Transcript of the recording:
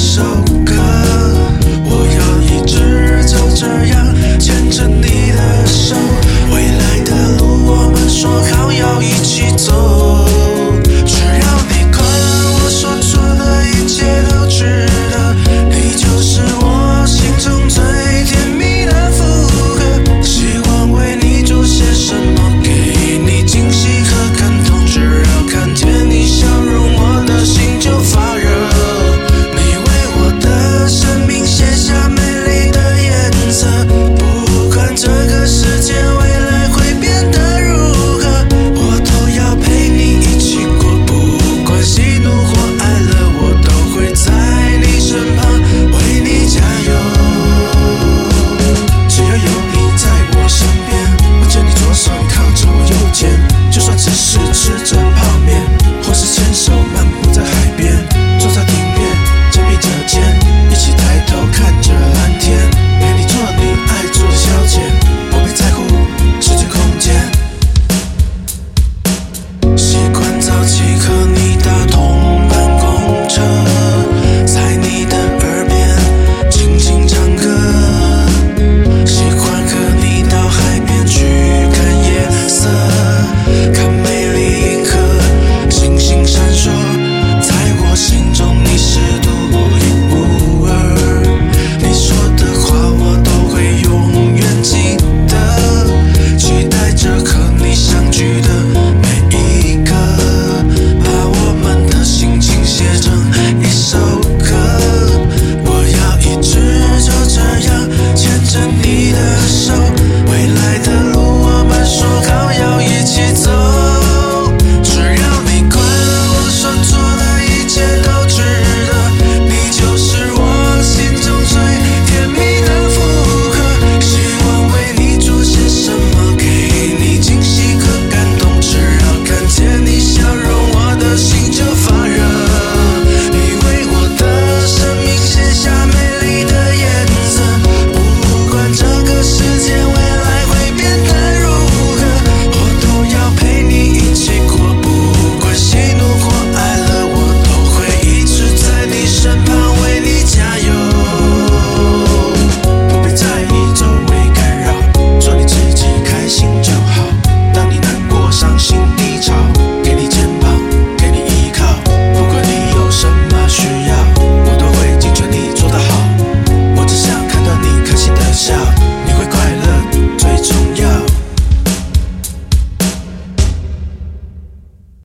首歌，我要一直就這樣牽着你的手，未來的路我們說好要一起走。只要你快樂，我所做的一切都值得。